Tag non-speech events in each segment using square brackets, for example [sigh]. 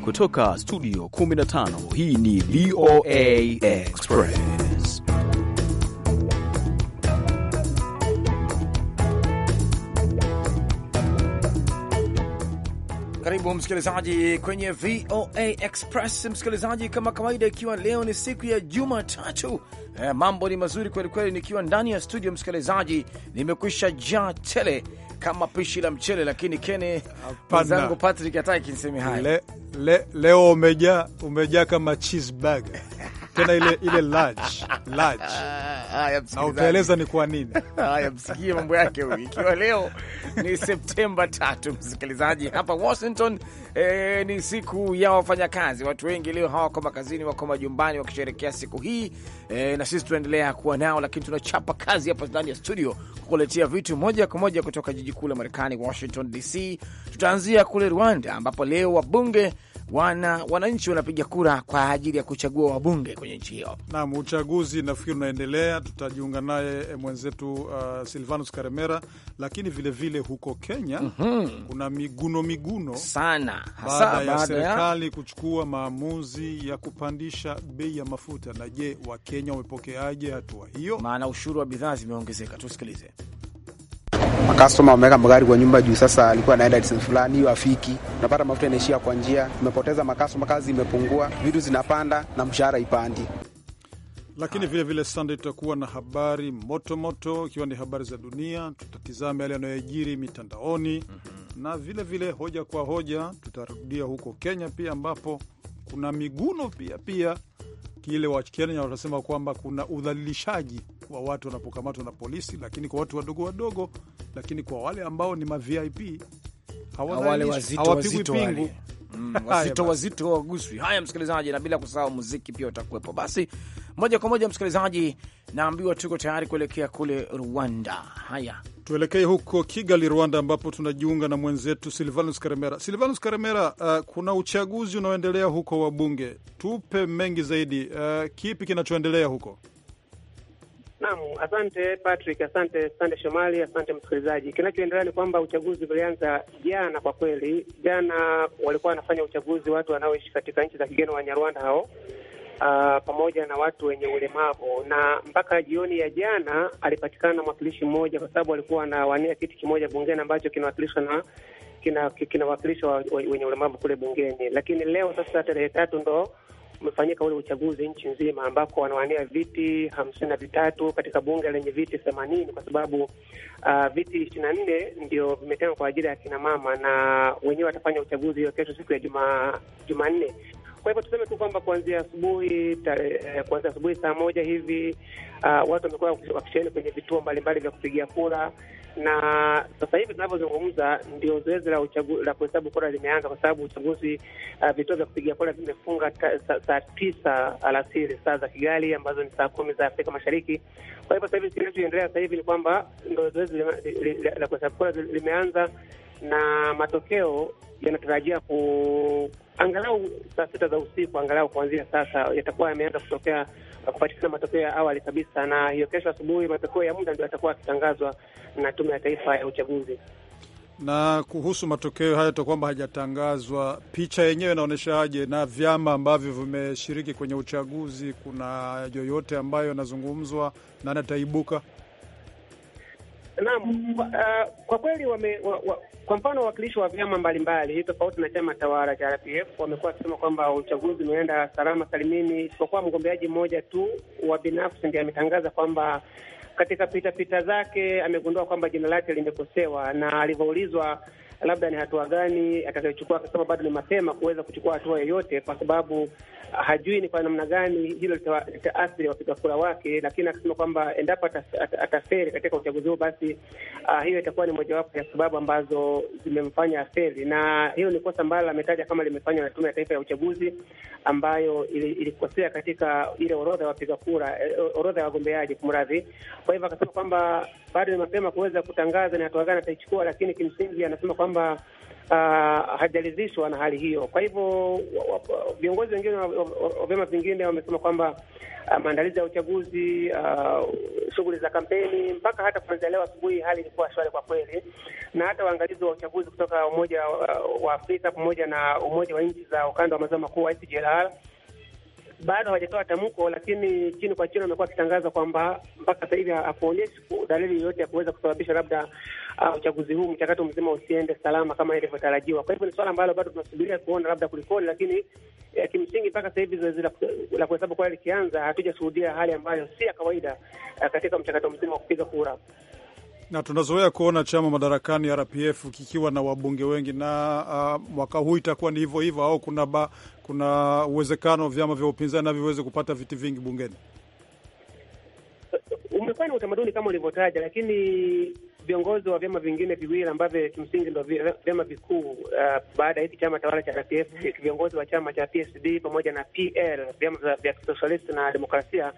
Kutoka studio 15 hii ni VOA Express. Karibu msikilizaji kwenye VOA Express. Msikilizaji, kama kawaida, ikiwa leo ni siku ya Jumatatu, eh, mambo ni mazuri kwelikweli, nikiwa ndani ya studio msikilizaji, nimekwisha jaa tele kama pishi la mchele, lakini kene mwenzangu Patrick hataki niseme haya. Le, le, leo umejaa umejaa kama cheeseburger [laughs] tena ile ile large large. Ah, haya, msikizaji, utaeleza ni kwa nini haya. Msikie mambo yake huyu, ikiwa leo ni Septemba tatu, msikilizaji, hapa Washington E, ni siku ya wafanyakazi. Watu wengi leo hawako makazini, wako majumbani wakisherekea siku hii e, na sisi tunaendelea kuwa nao, lakini tunachapa kazi hapa ndani ya studio kukuletea vitu moja kwa moja kutoka jiji kuu la Marekani, Washington DC. Tutaanzia kule Rwanda ambapo leo wabunge wana wananchi wanapiga kura kwa ajili ya kuchagua wabunge kwenye nchi hiyo. Naam, uchaguzi nafikiri unaendelea, tutajiunga naye eh, mwenzetu uh, Silvanus Karemera. Lakini vilevile vile huko Kenya mm -hmm. kuna miguno miguno sana, hasa baada ya serikali kuchukua maamuzi ya kupandisha bei ya mafuta. Na je, Wakenya wamepokeaje hatua hiyo? Maana ushuru wa bidhaa zimeongezeka. Tusikilize customer ameweka magari kwa nyumba juu sasa alikuwa anaenda distance fulani, hiyo afiki, unapata mafuta inaishia kwa njia, umepoteza makastoma, kazi imepungua, vitu zinapanda na mshahara ipandi lakini vile vile Sunday tutakuwa na habari moto moto, ikiwa ni habari za dunia, tutatizama yale yanayojiri mitandaoni mm -hmm. na vile vile hoja kwa hoja tutarudia huko Kenya pia, ambapo kuna miguno pia pia, kile Wakenya wanasema kwamba kuna udhalilishaji wa watu wanapokamatwa na polisi, lakini kwa watu wadogo wadogo, lakini kwa wale ambao ni ma VIP hawapigwi pingu. Mm, [laughs] wazito wazito waguswi. Haya, msikilizaji, na bila kusahau muziki pia utakuwepo. Basi moja kwa moja, msikilizaji, naambiwa tuko tayari kuelekea kule Rwanda. Haya, tuelekee huko Kigali, Rwanda, ambapo tunajiunga na mwenzetu Silvanus Karemera. Silvanus Karemera, uh, kuna uchaguzi unaoendelea huko wa bunge, tupe mengi zaidi. Uh, kipi kinachoendelea huko? Naam, asante Patrick, asante sande Shomali, asante msikilizaji. Kinachoendelea ni kwamba uchaguzi ulianza jana. Kwa kweli, jana walikuwa wanafanya uchaguzi watu wanaoishi katika nchi za kigeni, Wanyarwanda hao Uh, pamoja na watu wenye ulemavu na mpaka jioni ya jana alipatikana mwakilishi mmoja, kwa sababu alikuwa anawania kiti kimoja bungeni ambacho kinawakilishwa na kinawakilishwa kina wenye ulemavu kule bungeni. Lakini leo sasa, tarehe tatu ndo umefanyika ule uchaguzi nchi nzima, ambako wanawania viti hamsini na vitatu katika bunge lenye viti themanini kwa sababu uh, viti ishirini na nne ndio vimetengwa kwa ajili ya akina mama, na wenyewe watafanya uchaguzi hiyo kesho, siku ya juma Jumanne. Kwa hivyo tuseme tu kwamba kuanzia asubuhi eh, kuanzia asubuhi saa moja hivi uh, watu wamekuwa wakisheheni kwenye vituo mbalimbali vya kupigia kura na sasa hivi tunavyozungumza ndio zoezi la uchagu, la kuhesabu kura limeanza, kwa sababu uchaguzi uh, vituo vya kupiga kura vimefunga saa tisa alasiri saa za Kigali, ambazo ni saa kumi za Afrika Mashariki. Kwa hivyo sasa hivi kinachoendelea sasa hivi ni kwamba ndo zoezi la, la, la kuhesabu kura limeanza na matokeo yanatarajia ku angalau saa sita za usiku, angalau kuanzia sasa yatakuwa yameanza kutokea kupatikana matokeo ya awali kabisa, na hiyo kesho asubuhi matokeo ya muda ndio yatakuwa yakitangazwa na Tume ya Taifa ya Uchaguzi. Na kuhusu matokeo hayo tu kwamba hajatangazwa, picha yenyewe inaonyeshaje? Na vyama ambavyo vimeshiriki kwenye uchaguzi, kuna yoyote ambayo yanazungumzwa na nataibuka Naam, kwa, uh, kwa kweli wame, wa, wa, kwa mfano wawakilishi wa vyama mbalimbali tofauti na chama tawala cha RPF wamekuwa wakisema kwamba uchaguzi umeenda salama salimini, isipokuwa mgombeaji mmoja tu wa binafsi ndiye ametangaza kwamba katika pitapita pita zake amegundua kwamba jina lake limekosewa, na alivyoulizwa labda ni hatua gani atakayochukua, kwa sababu bado ni mapema kuweza kuchukua hatua yoyote, kwa sababu ah, hajui ni kwa namna gani hilo litaathiri wapiga kura wake. Lakini akasema kwamba endapo ataferi katika uchaguzi huo, basi uh, hiyo itakuwa ni mojawapo ya sababu ambazo zimemfanya aferi, na hilo ni kosa ambalo ametaja kama limefanywa na Tume ya Taifa ya Uchaguzi ambayo ilikosea ili katika ile orodha ya wapiga kura, eh, orodha ya wagombeaji, kumradhi. Kwa hivyo akasema kwamba bado ni mapema kuweza kutangaza ni hatua gani ataichukua, lakini kimsingi anasema kwamba kwamba uh, hajaridhishwa na hali hiyo. Kwa hivyo viongozi wengine wa vyama vingine wamesema kwamba uh, maandalizi ya uchaguzi uh, shughuli za kampeni mpaka hata kuanzia leo asubuhi hali ilikuwa shwari kwa kweli, na hata waangalizi wa uchaguzi kutoka Umoja wa Afrika pamoja na Umoja wa Nchi za Ukanda wa Maziwa Makuu ICGLR bado hawajatoa tamko, lakini chini kwa chini wamekuwa wakitangaza kwamba mpaka sasa hivi hakuonyeshi dalili yoyote ya kuweza kusababisha labda uh, uchaguzi huu mchakato mzima usiende salama kama ilivyotarajiwa. Kwa hivyo ni swala ambalo bado tunasubiria kuona labda kulikoni, lakini ya eh, kimsingi mpaka sasa hivi zoezi la kuhesabu kura likianza, hatujashuhudia hali ambayo si ya kawaida uh, katika mchakato mzima wa kupiga kura na tunazoea kuona chama madarakani RPF kikiwa na wabunge wengi na uh, mwaka huu itakuwa ni hivyo hivyo, au kuna ba, kuna uwezekano vyama vya upinzani navyo viweze kupata viti vingi bungeni? Umekuwa ni utamaduni kama ulivyotaja, lakini viongozi wa vyama vingine viwili ambavyo kimsingi ndo vyama vikuu uh, baada ya hiki chama tawala cha KCF, viongozi wa chama cha PSD pamoja na PL, vyama vya kisosialisti na demokrasia,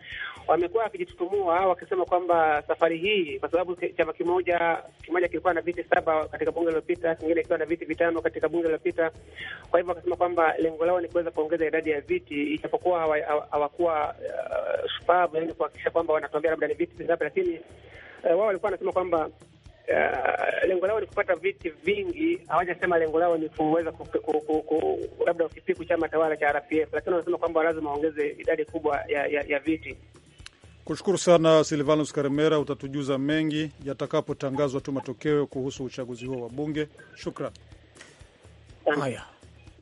wamekuwa wakijitutumua wakisema kwamba safari hii, kwa sababu chama kimoja kimoja kilikuwa na viti saba katika bunge lililopita, kingine kikiwa na viti vitano katika bunge lililopita. Kwa hivyo wakasema kwamba lengo lao ni kuweza kuongeza idadi ya viti, ijapokuwa hawakuwa uh, shupavu, yaani kuhakikisha kwamba wanatuambia labda ni viti vingapi, lakini uh, wao walikuwa wanasema kwamba Uh, lengo lao ni kupata viti vingi. Hawajasema lengo lao ni kuweza labda kukipiku chama tawala cha RPF, lakini wanasema kwamba lazima waongeze idadi kubwa ya, ya, ya viti. Kushukuru sana Silvanus Karemera, utatujuza mengi yatakapotangazwa tu matokeo kuhusu uchaguzi huo wa Bunge. Shukran. Haya,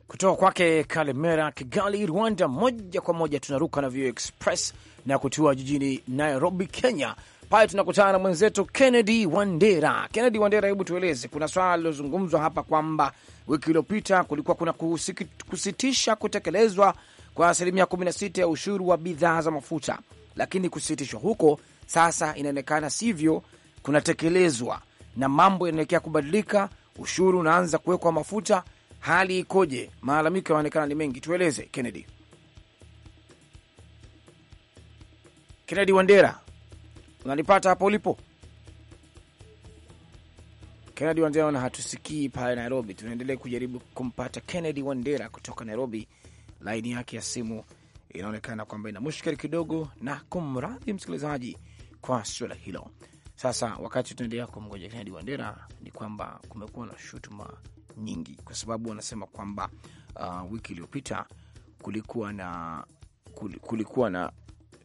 kutoka kwake Kalemera, Kigali, Rwanda. Moja kwa moja tunaruka na Vio Express na kutua jijini Nairobi, Kenya pale tunakutana na mwenzetu Kennedy Wandera. Kennedy Wandera, hebu tueleze, kuna swala lilozungumzwa hapa kwamba wiki iliyopita kulikuwa kuna kusiki, kusitisha kutekelezwa kwa asilimia 16 ya ushuru wa bidhaa za mafuta, lakini kusitishwa huko sasa inaonekana sivyo kunatekelezwa, na mambo yanaelekea kubadilika. Ushuru unaanza kuwekwa mafuta, hali ikoje? Malalamiko yanaonekana ni mengi, tueleze Kennedy. Kennedy Wandera. Unanipata hapo ulipo Kennedy Wandera? Ona hatusikii pale Nairobi. Tunaendelea kujaribu kumpata Kennedy Wandera kutoka Nairobi. Laini yake ya simu inaonekana kwamba ina mushkeli kidogo, na kumradhi msikilizaji kwa swala hilo. Sasa wakati tunaendelea kumngoja Kennedy Wandera, ni kwamba kumekuwa na shutuma nyingi, kwa sababu wanasema kwamba uh, wiki iliyopita kulikuwa na kulikuwa na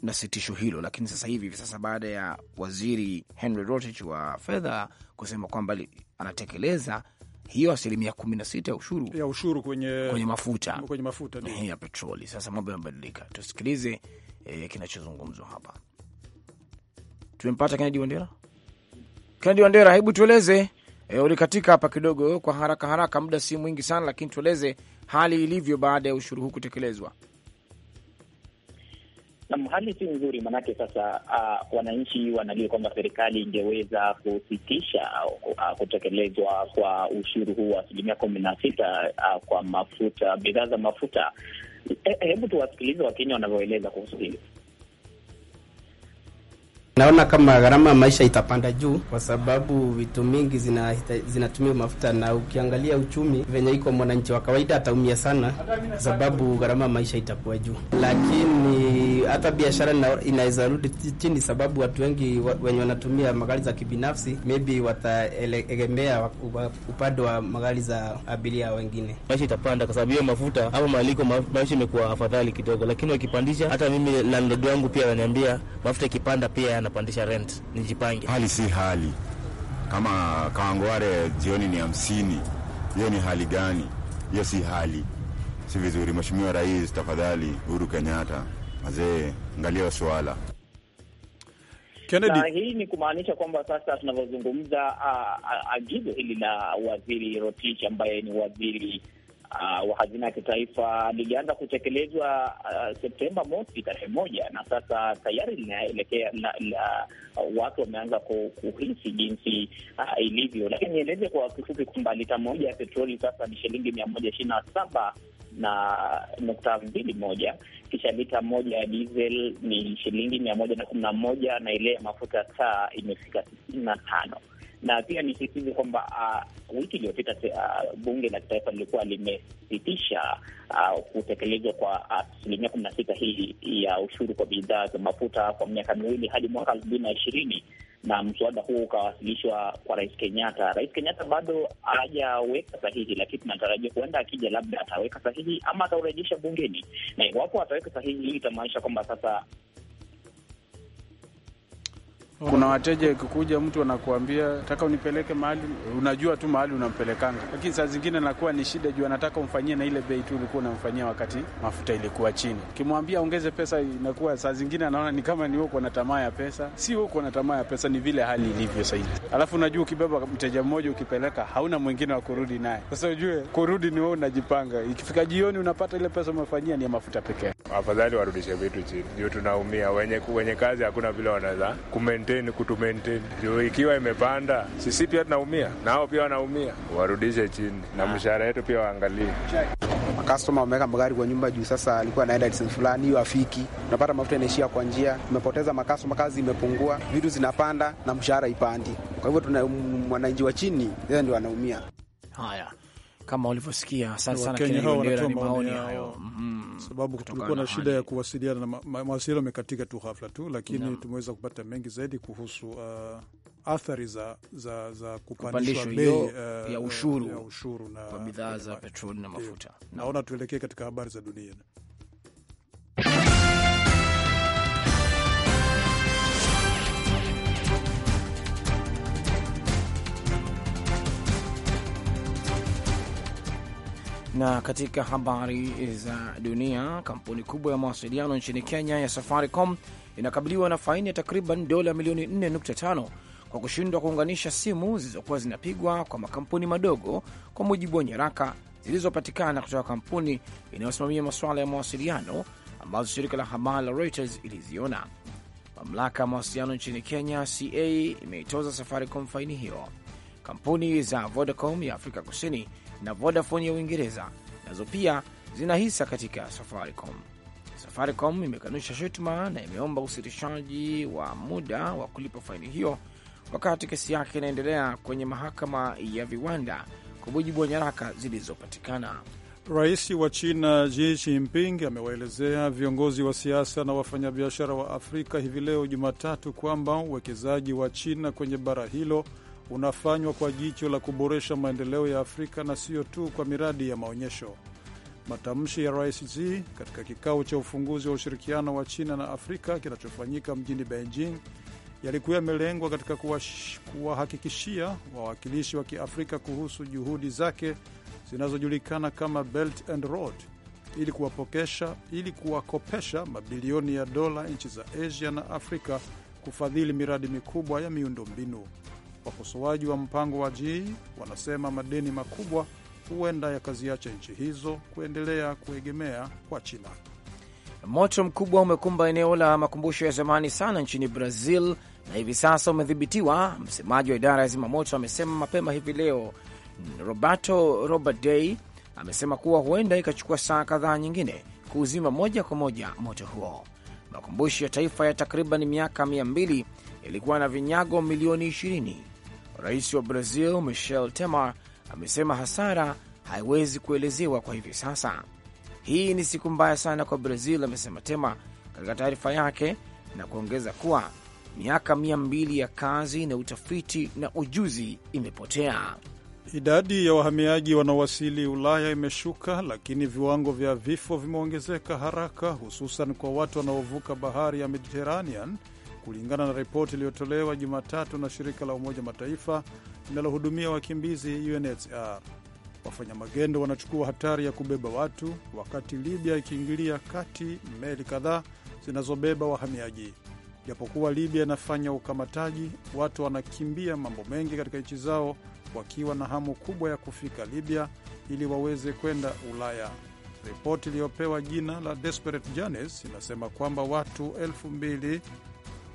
na sitisho hilo. Lakini sasa hivi hivi sasa baada ya waziri Henry Rotich wa fedha kusema kwamba anatekeleza hiyo asilimia kumi na sita ya ushuru ya ushuru kwenye, kwenye mafuta, kwenye mafuta ya petroli. Sasa mambo yamebadilika, tusikilize eh, kinachozungumzwa hapa. Tumempata Kennedy Wandera. Kennedy Wandera, hebu tueleze eh, ulikatika hapa kidogo kwa haraka haraka, muda si mwingi sana, lakini tueleze hali ilivyo baada ya ushuru huu kutekelezwa. Nam, hali si nzuri, maanake sasa uh, wananchi wanalia kwamba serikali ingeweza kusitisha uh, kutekelezwa kwa ushuru huu wa asilimia kumi na sita uh, kwa mafuta, bidhaa za mafuta. E, e, hebu tuwasikilize Wakenya wanavyoeleza kuhusu hili. Naona kama gharama ya maisha itapanda juu, kwa sababu vitu mingi zinatumia zina mafuta, na ukiangalia uchumi venye iko, mwananchi wa kawaida ataumia sana, kwa sababu gharama ya maisha itakuwa juu. Lakini hata biashara inaweza rudi chini, sababu watu wengi wenye wanatumia magari za kibinafsi maybe wataegemea upande wa magari za abiria wengine. Maisha itapanda kwa sababu hiyo mafuta. Hapo maliko maisha imekuwa afadhali kidogo, lakini wakipandisha, hata mimi landlord wangu pia ananiambia mafuta ikipanda pia anapandisha rent, nijipange. Hali si hali, kama kawangware jioni ni hamsini, hiyo ni hali gani? Hiyo si hali, si vizuri. Mheshimiwa Rais, tafadhali, Uhuru Kenyatta, mazee, angalia swala na hii ni kumaanisha kwamba sasa tunavyozungumza agizo hili la waziri Rotich ambaye ni waziri uh, wa hazina ya kitaifa lilianza kutekelezwa uh, Septemba mosi tarehe moja, na sasa tayari linaelekea uh, watu wameanza kuhisi jinsi uh, ilivyo. Lakini nieleze kwa kifupi kwamba lita moja ya petroli sasa ni shilingi mia moja ishirini na saba na nukta mbili moja kisha lita moja ya diesel ni shilingi mia moja na kumi na moja na ile ya mafuta taa imefika tisini na tano na pia nisisitize kwamba uh, wiki iliyopita uh, bunge la kitaifa lilikuwa limesitisha uh, kutekelezwa kwa asilimia uh, kumi na sita hii ya ushuru kwa bidhaa za mafuta kwa miaka miwili hadi mwaka elfu mbili na ishirini na mswada huo ukawasilishwa kwa Rais Kenyatta. Rais Kenyatta bado hajaweka sahihi, lakini tunatarajia huenda akija, labda ataweka sahihi ama ataurejesha bungeni, na iwapo ataweka sahihi, hii itamaanisha kwamba sasa kuna wateja ikikuja mtu anakuambia taka unipeleke mahali, unajua tu mahali unampelekanga, lakini saa zingine nakuwa ni shida juu anataka umfanyie na ile bei tu ulikuwa unamfanyia wakati mafuta ilikuwa chini. Ukimwambia ongeze pesa, inakuwa saa zingine anaona ni kama ni huko na tamaa ya pesa. Si huko na tamaa ya pesa, ni vile hali ilivyo sahizi. Alafu unajua ukibeba mteja mmoja ukipeleka, hauna mwingine wa kurudi naye. Sasa ujue kurudi ni wewe unajipanga. Ikifika jioni, unapata ile pesa umefanyia ni ya mafuta pekee. Afadhali warudishe vitu chini juu tunaumia, wenye wenye kazi hakuna vile wanaweza maintain. kutumaintain. Ikiwa imepanda sisi pia tunaumia, nao pia wanaumia, warudishe chini na ah. mshahara yetu pia waangalie. Makastoma wameweka magari kwa nyumba juu, sasa alikuwa anaenda sehemu fulani, hiyo afiki, unapata mafuta inaishia kwa njia, umepoteza makastoma, kazi imepungua, vitu zinapanda na mshahara ipandi. Kwa hivyo tuna mwananchi wa chini ndio anaumia. Haya kama ulivyosikia. sana sana, ni maoni hayo, mm-hmm. sababu tulikuwa na shida ya kuwasiliana na mawasiliano amekatika tu ghafla tu, lakini no. tumeweza kupata mengi zaidi kuhusu uh, athari za, za, za kupandishwa bei uh, ya ushuru, ya ushuru na, kwa bidhaa za petroli na mafuta. Naona tuelekee katika habari za dunia. Na katika habari za dunia, kampuni kubwa ya mawasiliano nchini Kenya ya Safaricom inakabiliwa na faini ya takriban dola milioni 4.5 kwa kushindwa kuunganisha simu zilizokuwa zinapigwa kwa makampuni madogo, kwa mujibu wa nyaraka zilizopatikana kutoka kampuni inayosimamia masuala ya mawasiliano ambazo shirika la habari la Reuters iliziona. Mamlaka ya mawasiliano nchini Kenya CA imeitoza Safaricom faini hiyo. Kampuni za Vodacom ya Afrika Kusini na Vodafone ya Uingereza nazo pia zina hisa katika Safaricom. Safaricom imekanusha shutuma na imeomba usitishaji wa muda wa kulipa faini hiyo wakati kesi yake inaendelea kwenye mahakama ya viwanda kwa mujibu wa nyaraka zilizopatikana. Rais wa China Xi Jinping amewaelezea viongozi wa siasa na wafanyabiashara wa Afrika hivi leo Jumatatu kwamba uwekezaji wa China kwenye bara hilo unafanywa kwa jicho la kuboresha maendeleo ya Afrika na siyo tu kwa miradi ya maonyesho. Matamshi ya Rais Xi katika kikao cha ufunguzi wa ushirikiano wa China na Afrika kinachofanyika mjini Beijing yalikuwa yamelengwa katika kuwahakikishia wawakilishi wa Kiafrika kuhusu juhudi zake zinazojulikana kama Belt and Road ili kuwapokesha ili kuwakopesha mabilioni ya dola nchi za Asia na Afrika kufadhili miradi mikubwa ya miundombinu. Wakosoaji wa mpango wa ji wanasema madeni makubwa huenda yakaziacha nchi hizo kuendelea kuegemea kwa China. Moto mkubwa umekumba eneo la makumbusho ya zamani sana nchini Brazil na hivi sasa umedhibitiwa. Msemaji wa idara ya zimamoto amesema mapema hivi leo. Roberto Robert Day amesema kuwa huenda ikachukua saa kadhaa nyingine kuuzima moja kwa moja moto huo. Makumbusho ya taifa ya takriban miaka mia mbili yalikuwa na vinyago milioni ishirini Rais wa Brazil Michel Temer amesema hasara haiwezi kuelezewa kwa hivi sasa. Hii ni siku mbaya sana kwa Brazil, amesema Temer katika taarifa yake na kuongeza kuwa miaka mia mbili ya kazi na utafiti na ujuzi imepotea. Idadi ya wahamiaji wanaowasili Ulaya imeshuka, lakini viwango vya vifo vimeongezeka haraka, hususan kwa watu wanaovuka bahari ya Mediterranean kulingana na ripoti iliyotolewa Jumatatu na shirika la Umoja Mataifa linalohudumia wakimbizi UNHCR. Wafanya magendo wanachukua hatari ya kubeba watu, wakati Libya ikiingilia kati meli kadhaa zinazobeba wahamiaji. Japokuwa Libya inafanya ukamataji, watu wanakimbia mambo mengi katika nchi zao, wakiwa na hamu kubwa ya kufika Libya ili waweze kwenda Ulaya. Ripoti iliyopewa jina la Desperate Journeys inasema kwamba watu elfu mbili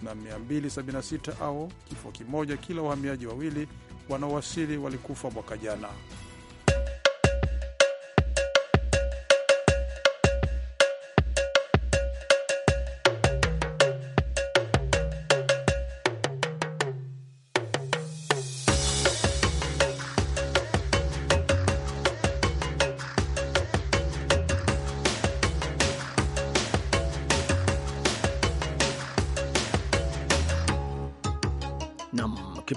na 276 au kifo kimoja kila wahamiaji wawili wanaowasili walikufa mwaka jana.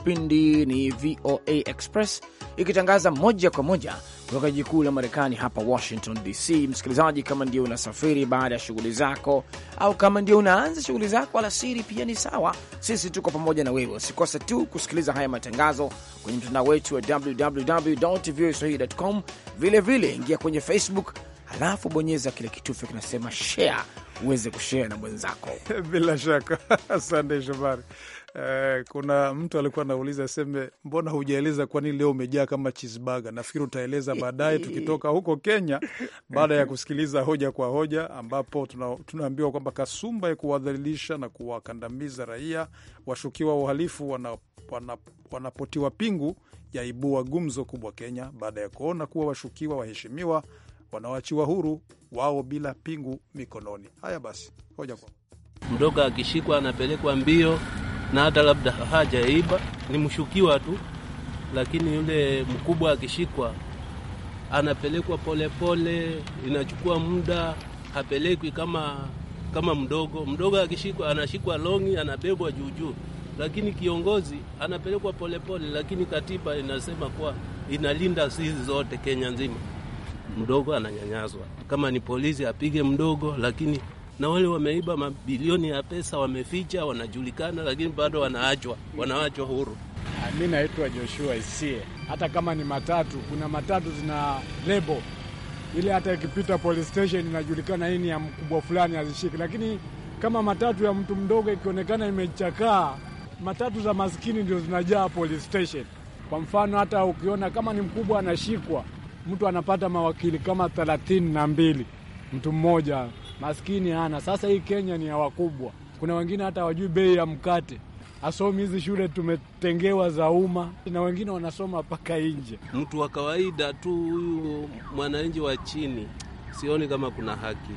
Kipindi ni VOA Express ikitangaza moja kwa moja kutoka jiji kuu la Marekani hapa Washington DC. Msikilizaji, kama ndio unasafiri baada ya shughuli zako au kama ndio unaanza shughuli zako alasiri, pia ni sawa, sisi tuko pamoja na wewe. Usikose tu kusikiliza haya matangazo kwenye mtandao wetu wa www.voaswahili.com. Vilevile ingia kwenye Facebook halafu bonyeza kile kitufe kinasema share uweze kushea na mwenzako [laughs] bila shaka. Asante Shomari. Eh, kuna mtu alikuwa anauliza aseme, mbona hujaeleza kwa nini leo umejaa kama chisbaga? Nafikiri utaeleza baadaye tukitoka huko Kenya, baada ya kusikiliza hoja kwa hoja, ambapo tuna, tunaambiwa kwamba kasumba ya kuwadhalilisha na kuwakandamiza raia washukiwa uhalifu wana, wana, wanapotiwa pingu yaibua gumzo kubwa Kenya baada ya kuona kuwa washukiwa waheshimiwa wanaoachiwa huru wao bila pingu mikononi. Haya basi, hoja kwa mdogo akishikwa anapelekwa mbio na hata labda hajaiba, ni mshukiwa tu, lakini yule mkubwa akishikwa anapelekwa polepole, inachukua muda, hapelekwi kama kama mdogo. Mdogo akishikwa anashikwa longi, anabebwa juu juu, lakini kiongozi anapelekwa polepole, lakini katiba inasema kuwa inalinda sisi zote Kenya nzima. Mdogo ananyanyazwa, kama ni polisi apige mdogo, lakini na wale wameiba mabilioni ya pesa wameficha, wanajulikana, lakini bado wanaachwa, wanaachwa huru. Ah, mi naitwa Joshua Isie. Hata kama ni matatu, kuna matatu zina lebo ile, hata ikipita police station inajulikana hii ni ya mkubwa fulani, hazishiki. Lakini kama matatu ya mtu mdogo ikionekana imechakaa, matatu za maskini ndio zinajaa police station. Kwa mfano, hata ukiona kama ni mkubwa anashikwa, mtu anapata mawakili kama thelathini na mbili mtu mmoja maskini hana. Sasa hii Kenya ni ya wakubwa, kuna wengine hata hawajui bei ya mkate asomi hizi shule tumetengewa za umma na wengine wanasoma mpaka nje. Mtu wa kawaida tu huyu mwananchi wa chini, sioni kama kuna haki.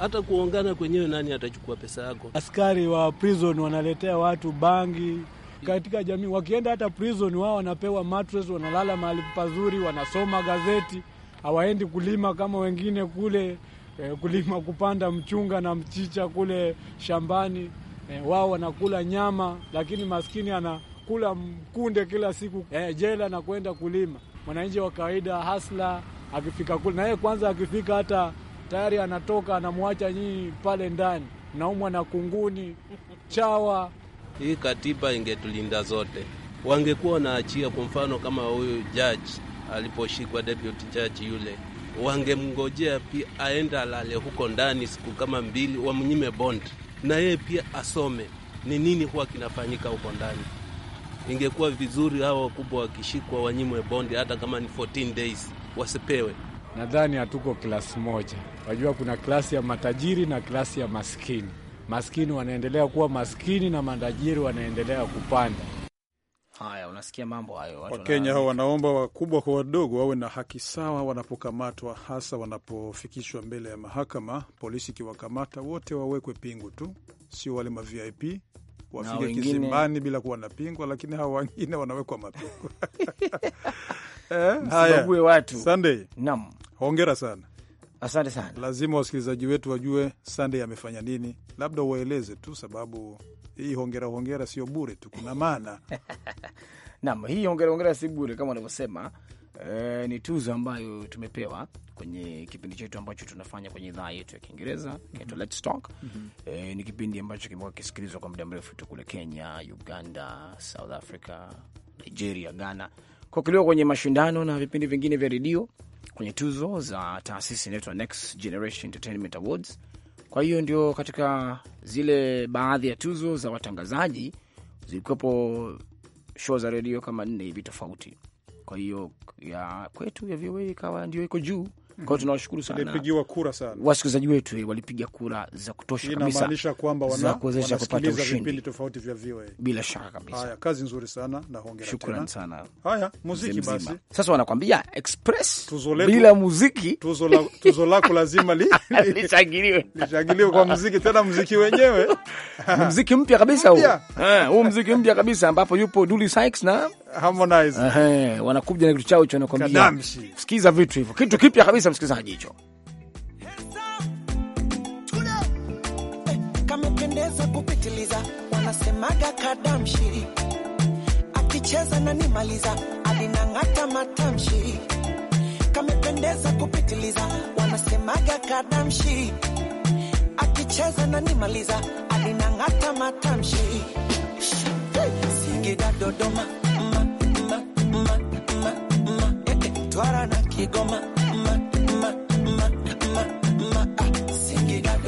Hata kuongana kwenyewe, nani atachukua pesa yako? Askari wa prison wanaletea watu bangi katika jamii, wakienda hata prison wao wanapewa mattress, wanalala mahali pazuri, wanasoma gazeti, hawaendi kulima kama wengine kule eh, kulima kupanda mchunga na mchicha kule shambani eh, wao wanakula nyama, lakini maskini anakula mkunde kila siku eh, jela na kwenda kulima. Mwananchi wa kawaida hasla akifika kule na yeye kwanza, akifika hata tayari anatoka anamwacha nyinyi pale ndani, naumwa na kunguni chawa. Hii katiba ingetulinda zote, wangekuwa wanaachia. Kwa mfano kama huyu jaji aliposhikwa, deputy jaji yule wangemngojea pia aende alale huko ndani siku kama mbili, wamnyime bond na yeye pia asome ni nini huwa kinafanyika huko ndani. Ingekuwa vizuri hawa wakubwa wakishikwa wanyimwe bondi, hata kama ni 14 days wasipewe. Nadhani hatuko klasi moja, wajua kuna klasi ya matajiri na klasi ya maskini. Maskini wanaendelea kuwa maskini na matajiri wanaendelea kupanda. Haya, unasikia mambo hayo. Wakenya hao wanaomba wakubwa kwa wadogo wawe na haki sawa wanapokamatwa, hasa wanapofikishwa mbele ya mahakama. Polisi ikiwakamata wote wawekwe pingu tu, sio wale ma VIP wafike wengine... kizimbani bila kuwa na pingu, lakini hao wengine [laughs] wanawekwa mapingu. [laughs] Eh, haya, Sunday, naam, hongera sana. Asante sana. Lazima wasikilizaji wetu wajue Sunday amefanya nini, labda waeleze tu, sababu hii hongera hongera sio bure tu, kuna maana [laughs] nam hii hongera hongera si bure kama unavyosema. E, ni tuzo ambayo tumepewa kwenye kipindi chetu ambacho tunafanya kwenye idhaa yetu ya Kiingereza mm -hmm. Let's Talk mm -hmm. E, ni kipindi ambacho kimekuwa kisikilizwa kwa muda mrefu tu kule Kenya, Uganda, South Africa, Nigeria, Ghana, kwa kiliwa kwenye mashindano na vipindi vingine vya redio kwenye tuzo za taasisi inaitwa Next Generation Entertainment Awards. Kwa hiyo ndio katika zile baadhi ya tuzo za watangazaji zilikuwepo show za redio kama nne hivi tofauti. Kwa hiyo ya kwetu ya VOA ikawa ndio iko juu kwa hiyo tunawashukuru sana walipigiwa kura sana, wasikilizaji wetu eh, walipiga kura za kutosha kabisa, inamaanisha kwamba wana, kuwezesha kupata ushindi tofauti vya VOA. Eh. Bila shaka kabisa. Haya, kazi nzuri sana na hongera, shukrani sana. Haya, muziki basi sasa, wanakuambia express bila muziki tuzo la lako lazima li [laughs] lichangiliwe, lichangiliwe kwa muziki, tena muziki wenyewe [laughs] muziki mpya kabisa huu eh, huu muziki mpya kabisa ambapo yupo Dully Sykes na Harmonize, eh, wanakuja na kitu chao cha wanakwambia, sikiza vitu hivyo, kitu kipya kabisa kabisa msikilizaji hicho kamependeza kupitiliza, wanasemaga kadamshi, akicheza na nimaliza, alinang'ata matamshi. Kamependeza kupitiliza, wanasemaga kadamshi, akicheza na nimaliza, alinang'ata matamshi. Singida, Dodoma, ma, ma, ma, ma, ma, eh, eh, Twara na Kigoma ma.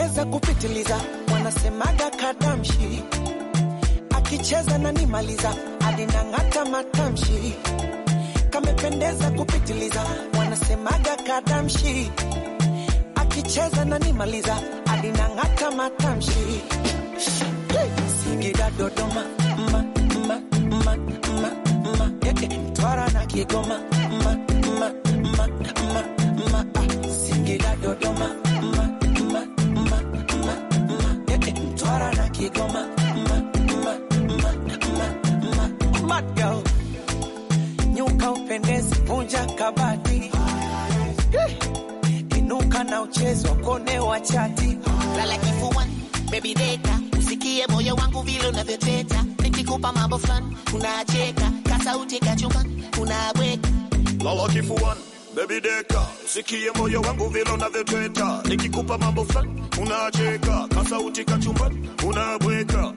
anapendeza kupitiliza, wanasemaga kadamshi, akicheza na nimaliza, alinang'ata matamshi, kamependeza kupitiliza, wanasemaga kadamshi, akicheza na nimaliza, alinang'ata matamshi. Singida, Dodoma, ma, ma, ma, ma, ma. eh, Mtwara na Kigoma, ma, ma, ma, ma, ma. ah, Singida, Dodoma, ma. Nyuka upendezi, punja kabati, inuka na uchezwa kone wa chati, lala kifuani, baby deka, usikie moyo wangu vile unavyoteta, nikikupa mambo fulani unacheka, kasauti kachumba unabweka, lala kifuani Baby deka, sikie moyo wangu vile unavyotweta, nikikupa mambo fulani unacheka, kasauti kachumbani unabweka.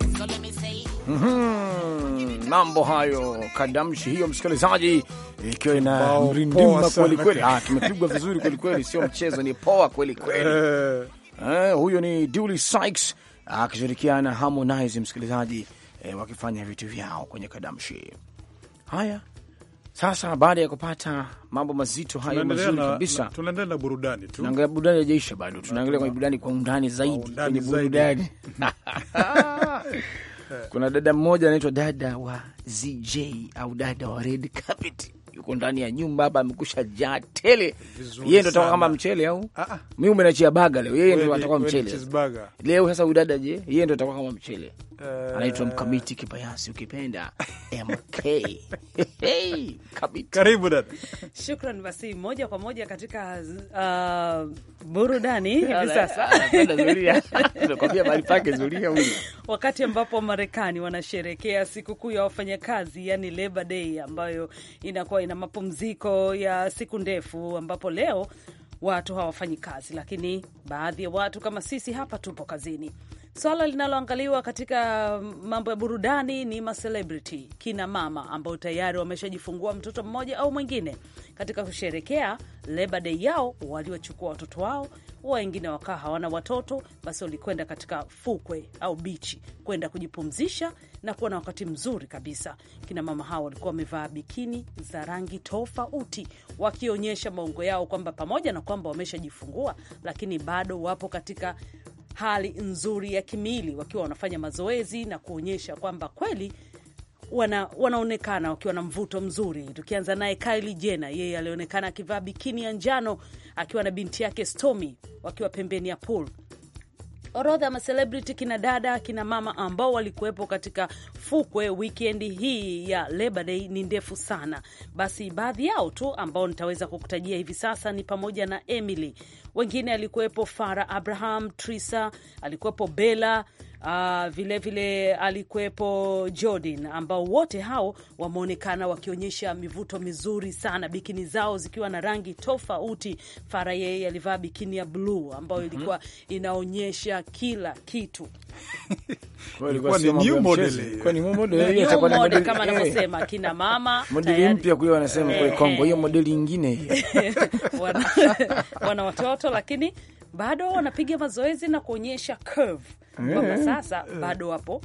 Mm -hmm. Mambo hayo kadamshi hiyo, msikilizaji, ikiwa ina mrindima kweli kweli. Ah, tumepigwa vizuri kweli kweli, sio mchezo, ni poa kweli kweli. Eh, eh huyo ni Dully Sykes akishirikiana na Harmonize, msikilizaji, eh, wakifanya vitu vyao kwenye kadamshi haya. Sasa baada ya kupata mambo mazito hayo mazuri kabisa, tunaendelea na burudani tu, naangalia burudani haijaisha bado, tunaangalia kwenye burudani kwa undani zaidi kwenye burudani [laughs] [laughs] kuna dada mmoja anaitwa dada wa ZJ au dada wa red carpet yuko ndani ya nyumba hapa, amekusha jaa tele. Yeye ndo atakuwa kama mchele au ah, ah. mimi umenachia baga leo, yeye ndo atakuwa mchele leo. Sasa huyu dada je, yeye ndo atakuwa kama mchele uh, anaitwa Mkamiti Kibayasi, ukipenda MK. [laughs] Hey, karibu dada. Shukran. Basi moja kwa moja katika uh, burudani hivi sasa wakati ambapo Marekani wanasherekea sikukuu ya wafanyakazi, yani Labor Day, ambayo inakuwa ina mapumziko ya siku ndefu, ambapo leo watu hawafanyi kazi, lakini baadhi ya watu kama sisi hapa tupo kazini. Swala linaloangaliwa katika mambo ya burudani ni macelebrity, kina mama ambao tayari wameshajifungua mtoto mmoja au mwingine. Katika kusherekea Labor Day yao, waliochukua watoto wao, wengine wakaa hawana watoto, basi walikwenda katika fukwe au bichi kwenda kujipumzisha na kuwa na wakati mzuri kabisa. Kina mama hao walikuwa wamevaa bikini za rangi tofauti, wakionyesha maungo yao kwamba pamoja na kwamba wameshajifungua, lakini bado wapo katika hali nzuri ya kimili wakiwa wanafanya mazoezi na kuonyesha kwamba kweli wana, wanaonekana wakiwa na mvuto mzuri. Tukianza naye Kylie Jenner, yeye alionekana akivaa bikini ya njano akiwa na binti yake Stormy wakiwa pembeni ya pool orodha ya macelebrity, kina dada, kina mama ambao walikuwepo katika fukwe wikendi hii ya Labor Day ni ndefu sana. Basi baadhi yao tu ambao nitaweza kukutajia hivi sasa ni pamoja na Emily, wengine alikuwepo Farah Abraham, Trisa alikuwepo Bella uh, ah, vilevile alikuwepo Jordin ambao wote hao wameonekana wakionyesha mivuto mizuri sana, bikini zao zikiwa na rangi tofauti. Fara yeye alivaa bikini ya bluu ambayo mhm. ilikuwa mm -hmm. inaonyesha kila kitu kama anavyosema kina mama modeli mpya wanasema kwa eh, Kongo, hiyo eh. modeli [laughs] wana, [laughs] wana watoto lakini bado wanapiga mazoezi na kuonyesha curve kwamba eh, sasa eh. bado wapo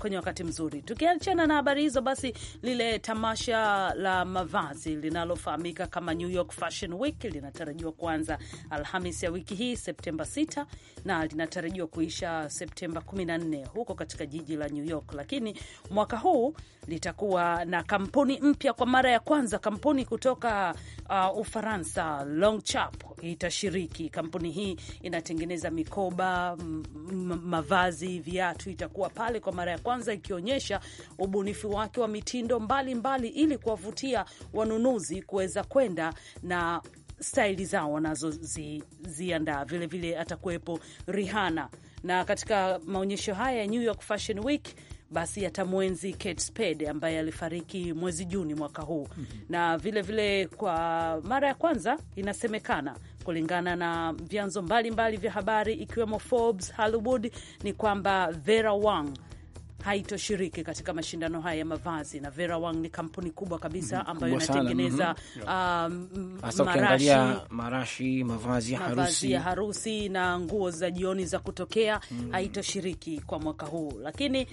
kwenye wakati mzuri. Tukiachana na habari hizo, basi lile tamasha la mavazi linalofahamika kama New York Fashion Week linatarajiwa kuanza Alhamis ya wiki hii Septemba 6 na linatarajiwa kuisha Septemba 14 huko katika jiji la New York, lakini mwaka huu litakuwa na kampuni mpya kwa mara ya kwanza. Kampuni kutoka uh, Ufaransa Longchamp itashiriki. Kampuni hii inatengeneza mikoba, mavazi, viatu, itakuwa pale kwa mara ya kwanza kwanza ikionyesha ubunifu wake wa mitindo mbalimbali mbali, ili kuwavutia wanunuzi kuweza kwenda na staili zao wanazoziandaa. Vilevile atakuwepo Rihanna na katika maonyesho haya ya New York Fashion Week basi atamwenzi Kate Spade ambaye alifariki mwezi Juni mwaka huu. mm -hmm. Na vilevile vile kwa mara ya kwanza inasemekana kulingana na vyanzo mbalimbali vya habari ikiwemo Forbes, Hollywood, ni kwamba Vera Wang haitoshiriki katika mashindano haya ya mavazi, na Vera Wang ni kampuni kubwa kabisa mhm, ambayo inatengeneza mhm, um, marashi, marashi, mavazi ya harusi, harusi na nguo za jioni za kutokea mm. haitoshiriki kwa mwaka huu lakini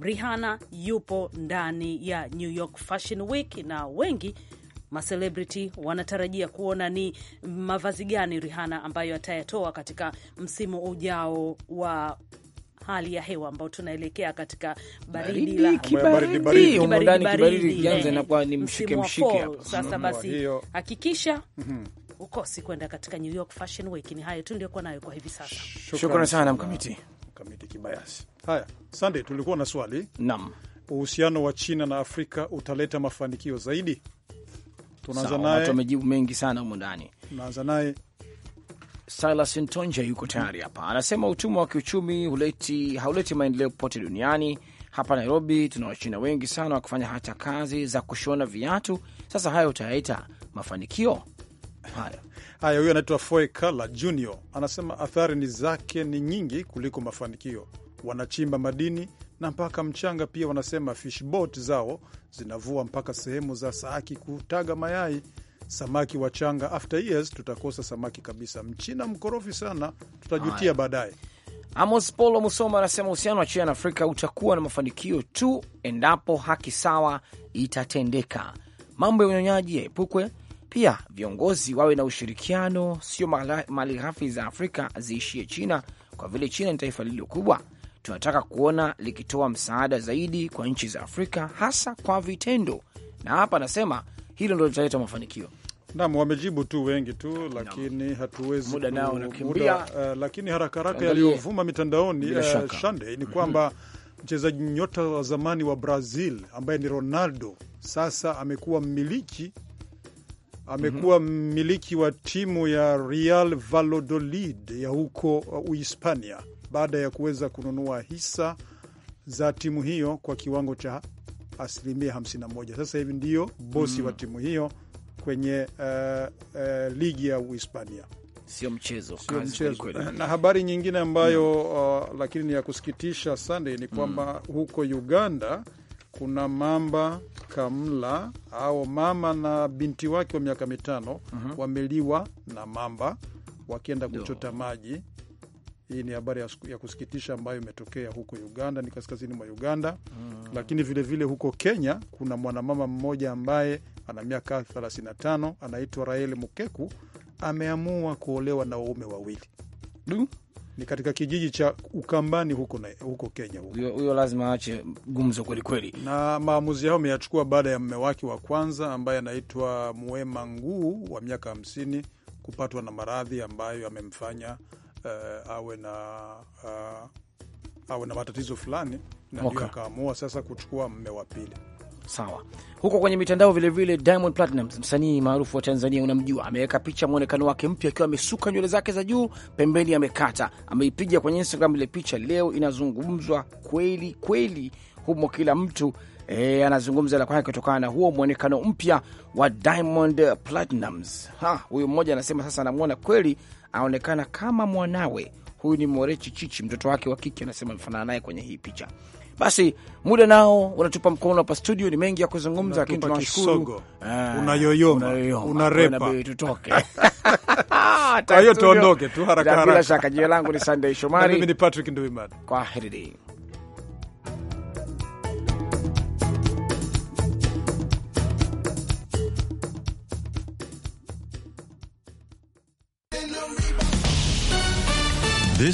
Rihanna yupo ndani ya New York Fashion Week na wengi macelebrity wanatarajia kuona ni mavazi gani Rihanna ambayo atayatoa katika msimu ujao wa hali ya hewa ambayo tunaelekea katika baridi la msimu wa fall. Sasa basi mm-hmm. hakikisha mm-hmm. ukosi kwenda katika New York Fashion Week. Ni hayo tu ndiokuwa nayo kwa hivi sasa. Shukrani sana mkamiti ah, mkamiti kibayasi. Haya, sande tulikuwa na swali. Naam, uhusiano wa China na Afrika utaleta mafanikio zaidi? Tunaanza naye, tumejibu mengi sana humo ndani. Tunaanza naye Silas Ntonja yuko tayari hapa, anasema utumwa wa kiuchumi huleti, hauleti maendeleo popote duniani. Hapa Nairobi tuna Wachina wengi sana wa kufanya hata kazi za kushona viatu. Sasa hayo utayaita mafanikio? Haya haya. Huyo anaitwa Foe Kala Junior anasema athari ni zake ni nyingi kuliko mafanikio. Wanachimba madini na mpaka mchanga pia. Wanasema fishbot zao zinavua mpaka sehemu za saaki kutaga mayai samaki wachanga. After years tutakosa samaki kabisa. Mchina mkorofi sana, tutajutia baadaye. Amos Polo Musoma anasema uhusiano wa China na Afrika utakuwa na mafanikio tu endapo haki sawa itatendeka. Mambo ya unyonyaji yaepukwe, pia viongozi wawe na ushirikiano, sio mali ghafi za Afrika ziishie China kwa vile China ni taifa lililo kubwa. Tunataka kuona likitoa msaada zaidi kwa nchi za Afrika, hasa kwa vitendo. Na hapa anasema hilo ndo litaleta mafanikio. Naam, wamejibu tu wengi tu, lakini hatuwezi muda nao nakimbia Uh, eh, lakini haraka haraka yaliyovuma mitandaoni uh, eh, Shande ni mhm. kwamba mchezaji nyota wa zamani wa Brazil ambaye ni Ronaldo sasa amekuwa mmiliki amekuwa mhm. mmiliki wa timu ya Real Valladolid ya huko uh, Uhispania baada ya kuweza kununua hisa za timu hiyo kwa kiwango cha asilimia 51. Sasa hivi ndio bosi mm. wa timu hiyo kwenye uh, uh, ligi ya Uhispania. Sio mchezo, sio mchezo. Na habari nyingine ambayo mm. uh, lakini ni ya kusikitisha Sunday ni mm. kwamba mm. huko Uganda kuna mamba kamla au mama na binti wake wa miaka mitano mm -hmm. wameliwa na mamba wakienda kuchota maji hii ni habari ya, ya kusikitisha ambayo imetokea huko Uganda, ni kaskazini mwa Uganda mm. Lakini vilevile vile huko Kenya kuna mwanamama mmoja ambaye ana miaka 35 anaitwa Rael Mukeku ameamua kuolewa na waume wawili du? Ni katika kijiji cha Ukambani huko, na, huko Kenya huyo lazima aache gumzo kwelikweli, na maamuzi yao ameyachukua baada ya mme wake wa kwanza ambaye anaitwa mwema Nguu wa miaka 50 kupatwa na maradhi ambayo amemfanya eh, awe na uh, awe na matatizo fulani na ndio okay, akaamua sasa kuchukua mme wa pili. Sawa. Huko kwenye mitandao vilevile, Diamond Platnumz, msanii maarufu wa Tanzania, unamjua, ameweka picha mwonekano wake mpya akiwa amesuka nywele zake za juu, pembeni amekata, ameipiga kwenye Instagram. Ile picha leo inazungumzwa kweli kweli humo, kila mtu e, anazungumza la kwake kutokana na huo mwonekano mpya wa Diamond Platnumz. Huyu mmoja anasema sasa anamwona kweli, aonekana kama mwanawe. Huyu ni Morechi Chichi, mtoto wake wa kike, anasema amefanana naye kwenye hii picha. Basi muda nao unatupa mkono hapa studio, ni mengi ya kuzungumza, lakini tunawashukuru. Ah, unayoyoma, unarepa, tutoke kwa hiyo [laughs] tuondoke tu haraka haraka. Bila shaka, jina langu ni Sunday Shomari, mimi ni Patrick Nduimana, kwa heri.